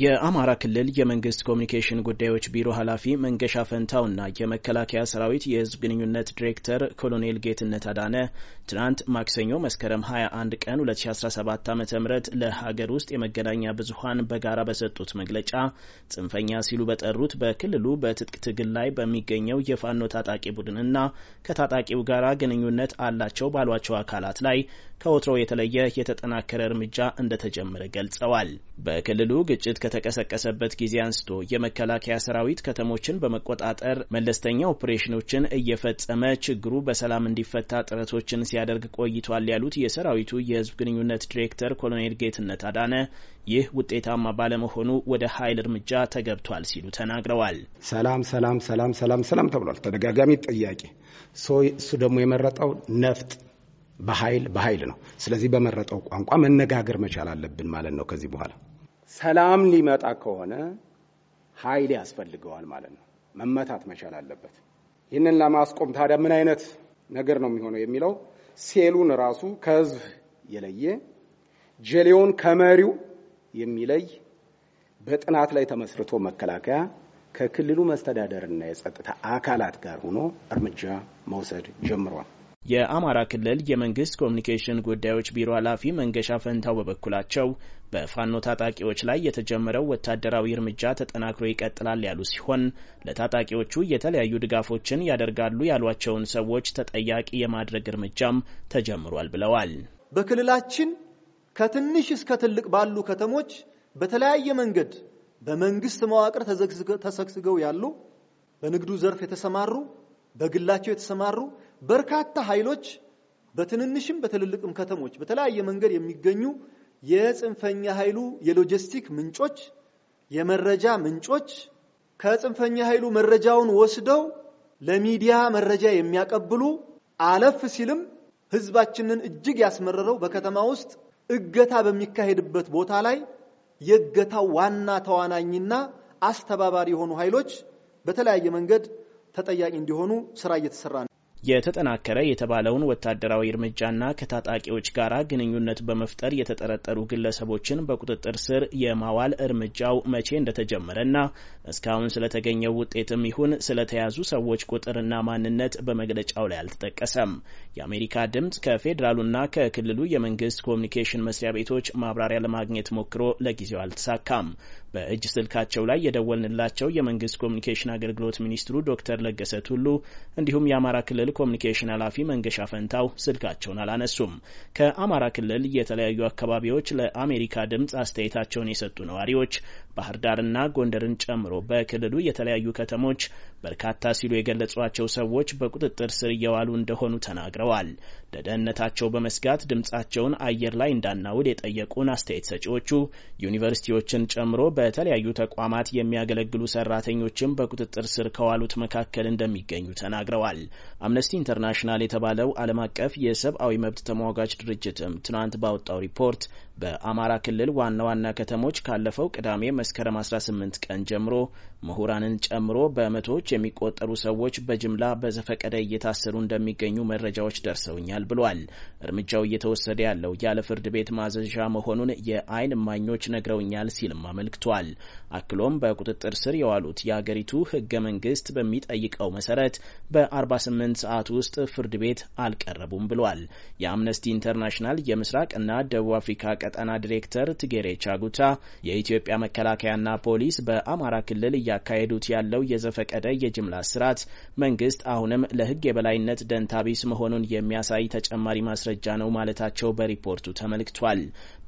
የአማራ ክልል የመንግስት ኮሚኒኬሽን ጉዳዮች ቢሮ ኃላፊ መንገሻ ፈንታውና የመከላከያ ሰራዊት የህዝብ ግንኙነት ዲሬክተር ኮሎኔል ጌትነት አዳነ ትናንት ማክሰኞ መስከረም 21 ቀን 2017 ዓ ም ለሀገር ውስጥ የመገናኛ ብዙሀን በጋራ በሰጡት መግለጫ ጽንፈኛ ሲሉ በጠሩት በክልሉ በትጥቅ ትግል ላይ በሚገኘው የፋኖ ታጣቂ ቡድንና ከታጣቂው ጋራ ግንኙነት አላቸው ባሏቸው አካላት ላይ ከወትሮ የተለየ የተጠናከረ እርምጃ እንደተጀመረ ገልጸዋል። በክልሉ ግጭት ከተቀሰቀሰበት ጊዜ አንስቶ የመከላከያ ሰራዊት ከተሞችን በመቆጣጠር መለስተኛ ኦፕሬሽኖችን እየፈጸመ ችግሩ በሰላም እንዲፈታ ጥረቶችን ሲያደርግ ቆይቷል ያሉት የሰራዊቱ የህዝብ ግንኙነት ዲሬክተር ኮሎኔል ጌትነት አዳነ ይህ ውጤታማ ባለመሆኑ ወደ ኃይል እርምጃ ተገብቷል ሲሉ ተናግረዋል። ሰላም ሰላም ሰላም ሰላም ሰላም ተብሏል። ተደጋጋሚ ጥያቄ እሱ ደግሞ የመረጠው ነፍጥ በኃይል በኃይል ነው። ስለዚህ በመረጠው ቋንቋ መነጋገር መቻል አለብን ማለት ነው ከዚህ በኋላ ሰላም ሊመጣ ከሆነ ኃይል ያስፈልገዋል ማለት ነው። መመታት መቻል አለበት። ይህንን ለማስቆም ታዲያ ምን አይነት ነገር ነው የሚሆነው የሚለው ሴሉን ራሱ ከህዝብ የለየ ጀሌውን ከመሪው የሚለይ በጥናት ላይ ተመስርቶ መከላከያ ከክልሉ መስተዳደርና የጸጥታ አካላት ጋር ሆኖ እርምጃ መውሰድ ጀምሯል። የአማራ ክልል የመንግስት ኮሚኒኬሽን ጉዳዮች ቢሮ ኃላፊ መንገሻ ፈንታው በበኩላቸው በፋኖ ታጣቂዎች ላይ የተጀመረው ወታደራዊ እርምጃ ተጠናክሮ ይቀጥላል ያሉ ሲሆን ለታጣቂዎቹ የተለያዩ ድጋፎችን ያደርጋሉ ያሏቸውን ሰዎች ተጠያቂ የማድረግ እርምጃም ተጀምሯል ብለዋል። በክልላችን ከትንሽ እስከ ትልቅ ባሉ ከተሞች በተለያየ መንገድ በመንግስት መዋቅር ተሰግስገው ያሉ፣ በንግዱ ዘርፍ የተሰማሩ፣ በግላቸው የተሰማሩ በርካታ ኃይሎች በትንንሽም በትልልቅም ከተሞች በተለያየ መንገድ የሚገኙ የጽንፈኛ ኃይሉ የሎጂስቲክ ምንጮች፣ የመረጃ ምንጮች ከጽንፈኛ ኃይሉ መረጃውን ወስደው ለሚዲያ መረጃ የሚያቀብሉ አለፍ ሲልም ህዝባችንን እጅግ ያስመረረው በከተማ ውስጥ እገታ በሚካሄድበት ቦታ ላይ የእገታው ዋና ተዋናኝና አስተባባሪ የሆኑ ኃይሎች በተለያየ መንገድ ተጠያቂ እንዲሆኑ ስራ እየተሰራ ነው። የተጠናከረ የተባለውን ወታደራዊ እርምጃና ከታጣቂዎች ጋር ግንኙነት በመፍጠር የተጠረጠሩ ግለሰቦችን በቁጥጥር ስር የማዋል እርምጃው መቼ እንደተጀመረና እስካሁን ስለተገኘው ውጤትም ይሁን ስለተያዙ ሰዎች ቁጥርና ማንነት በመግለጫው ላይ አልተጠቀሰም። የአሜሪካ ድምፅ ከፌዴራሉና ከክልሉ የመንግስት ኮሚኒኬሽን መስሪያ ቤቶች ማብራሪያ ለማግኘት ሞክሮ ለጊዜው አልተሳካም። በእጅ ስልካቸው ላይ የደወልንላቸው የመንግስት ኮሚኒኬሽን አገልግሎት ሚኒስትሩ ዶክተር ለገሰ ቱሉ እንዲሁም የአማራ ክልል ኮሚኒኬሽን ኃላፊ መንገሻ ፈንታው ስልካቸውን አላነሱም። ከአማራ ክልል የተለያዩ አካባቢዎች ለአሜሪካ ድምፅ አስተያየታቸውን የሰጡ ነዋሪዎች ባህር ዳርና ጎንደርን ጨምሮ በክልሉ የተለያዩ ከተሞች በርካታ ሲሉ የገለጿቸው ሰዎች በቁጥጥር ስር እየዋሉ እንደሆኑ ተናግረዋል። ለደህንነታቸው በመስጋት ድምፃቸውን አየር ላይ እንዳናውል የጠየቁን አስተያየት ሰጪዎቹ ዩኒቨርሲቲዎችን ጨምሮ በተለያዩ ተቋማት የሚያገለግሉ ሰራተኞችም በቁጥጥር ስር ከዋሉት መካከል እንደሚገኙ ተናግረዋል። አምነስቲ ኢንተርናሽናል የተባለው ዓለም አቀፍ የሰብአዊ መብት ተሟጋች ድርጅትም ትናንት ባወጣው ሪፖርት በአማራ ክልል ዋና ዋና ከተሞች ካለፈው ቅዳሜ መስከረም 18 ቀን ጀምሮ ምሁራንን ጨምሮ በመቶዎች የሚቆጠሩ ሰዎች በጅምላ በዘፈቀደ እየታሰሩ እንደሚገኙ መረጃዎች ደርሰውኛል ብሏል። እርምጃው እየተወሰደ ያለው ያለ ፍርድ ቤት ማዘዣ መሆኑን የአይን እማኞች ነግረውኛል ሲልም አመልክቷል። አመልክቷል። አክሎም በቁጥጥር ስር የዋሉት የአገሪቱ ህገ መንግስት በሚጠይቀው መሰረት በ48 ሰዓት ውስጥ ፍርድ ቤት አልቀረቡም ብሏል። የአምነስቲ ኢንተርናሽናል የምስራቅ እና ደቡብ አፍሪካ ቀጠና ዲሬክተር ትጌሬ ቻጉታ የኢትዮጵያ መከላከያና ፖሊስ በአማራ ክልል እያካሄዱት ያለው የዘፈቀደ የጅምላ ስርዓት መንግስት አሁንም ለህግ የበላይነት ደንታቢስ መሆኑን የሚያሳይ ተጨማሪ ማስረጃ ነው ማለታቸው በሪፖርቱ ተመልክቷል።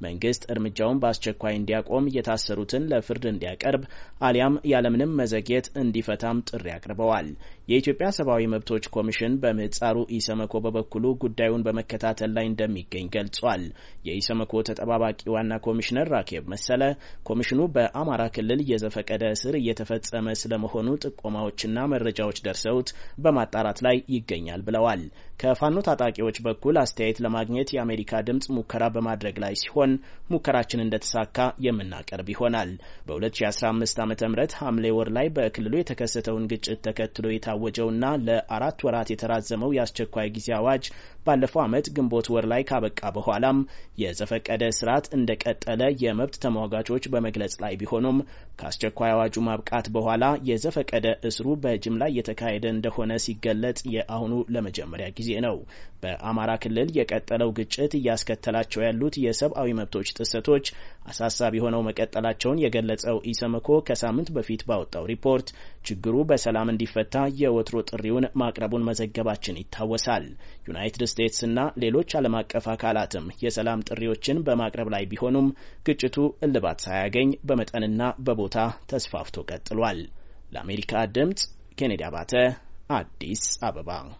መንግስት እርምጃውን በአስቸኳይ እንዲያቆም የታሰሩትን ለፍርድ እንዲያቀርብ አሊያም ያለምንም መዘግየት እንዲፈታም ጥሪ አቅርበዋል። የኢትዮጵያ ሰብአዊ መብቶች ኮሚሽን በምህጻሩ ኢሰመኮ በበኩሉ ጉዳዩን በመከታተል ላይ እንደሚገኝ ገልጿል። የኢሰመኮ ተጠባባቂ ዋና ኮሚሽነር ራኬብ መሰለ ኮሚሽኑ በአማራ ክልል የዘፈቀደ እስር እየተፈጸመ ስለመሆኑ ጥቆማዎችና መረጃዎች ደርሰውት በማጣራት ላይ ይገኛል ብለዋል። ከፋኖ ታጣቂዎች በኩል አስተያየት ለማግኘት የአሜሪካ ድምፅ ሙከራ በማድረግ ላይ ሲሆን ሙከራችን እንደተሳካ የምናቀርብ ይሆናል። በ2015 ዓ ም ሐምሌ ወር ላይ በክልሉ የተከሰተውን ግጭት ተከትሎ የታወጀውና ለአራት ወራት የተራዘመው የአስቸኳይ ጊዜ አዋጅ ባለፈው ዓመት ግንቦት ወር ላይ ካበቃ በኋላም የዘፈቀደ ስርዓት እንደቀጠለ የመብት ተሟጋቾች በመግለጽ ላይ ቢሆኑም ከአስቸኳይ አዋጁ ማብቃት በኋላ የዘፈቀደ እስሩ በጅምላ እየተካሄደ እንደሆነ ሲገለጽ የአሁኑ ለመጀመሪያ ጊዜ ነው። በአማራ ክልል የቀጠለው ግጭት እያስከተላቸው ያሉት የሰብአዊ መብቶች ጥሰቶች አሳሳቢ ሆነው መቀጠላቸውን የገለጸው ኢሰመኮ ከሳምንት በፊት ባወጣው ሪፖርት ችግሩ በሰላም እንዲፈታ የወትሮ ጥሪውን ማቅረቡን መዘገባችን ይታወሳል። ዩናይትድ ስቴትስና ሌሎች ዓለም አቀፍ አካላትም የሰላም ጥሪዎችን በማቅረብ ላይ ቢሆኑም ግጭቱ እልባት ሳያገኝ በመጠንና በቦታ ተስፋፍቶ ቀጥሏል። ለአሜሪካ ድምጽ ኬኔዲ አባተ አዲስ አበባ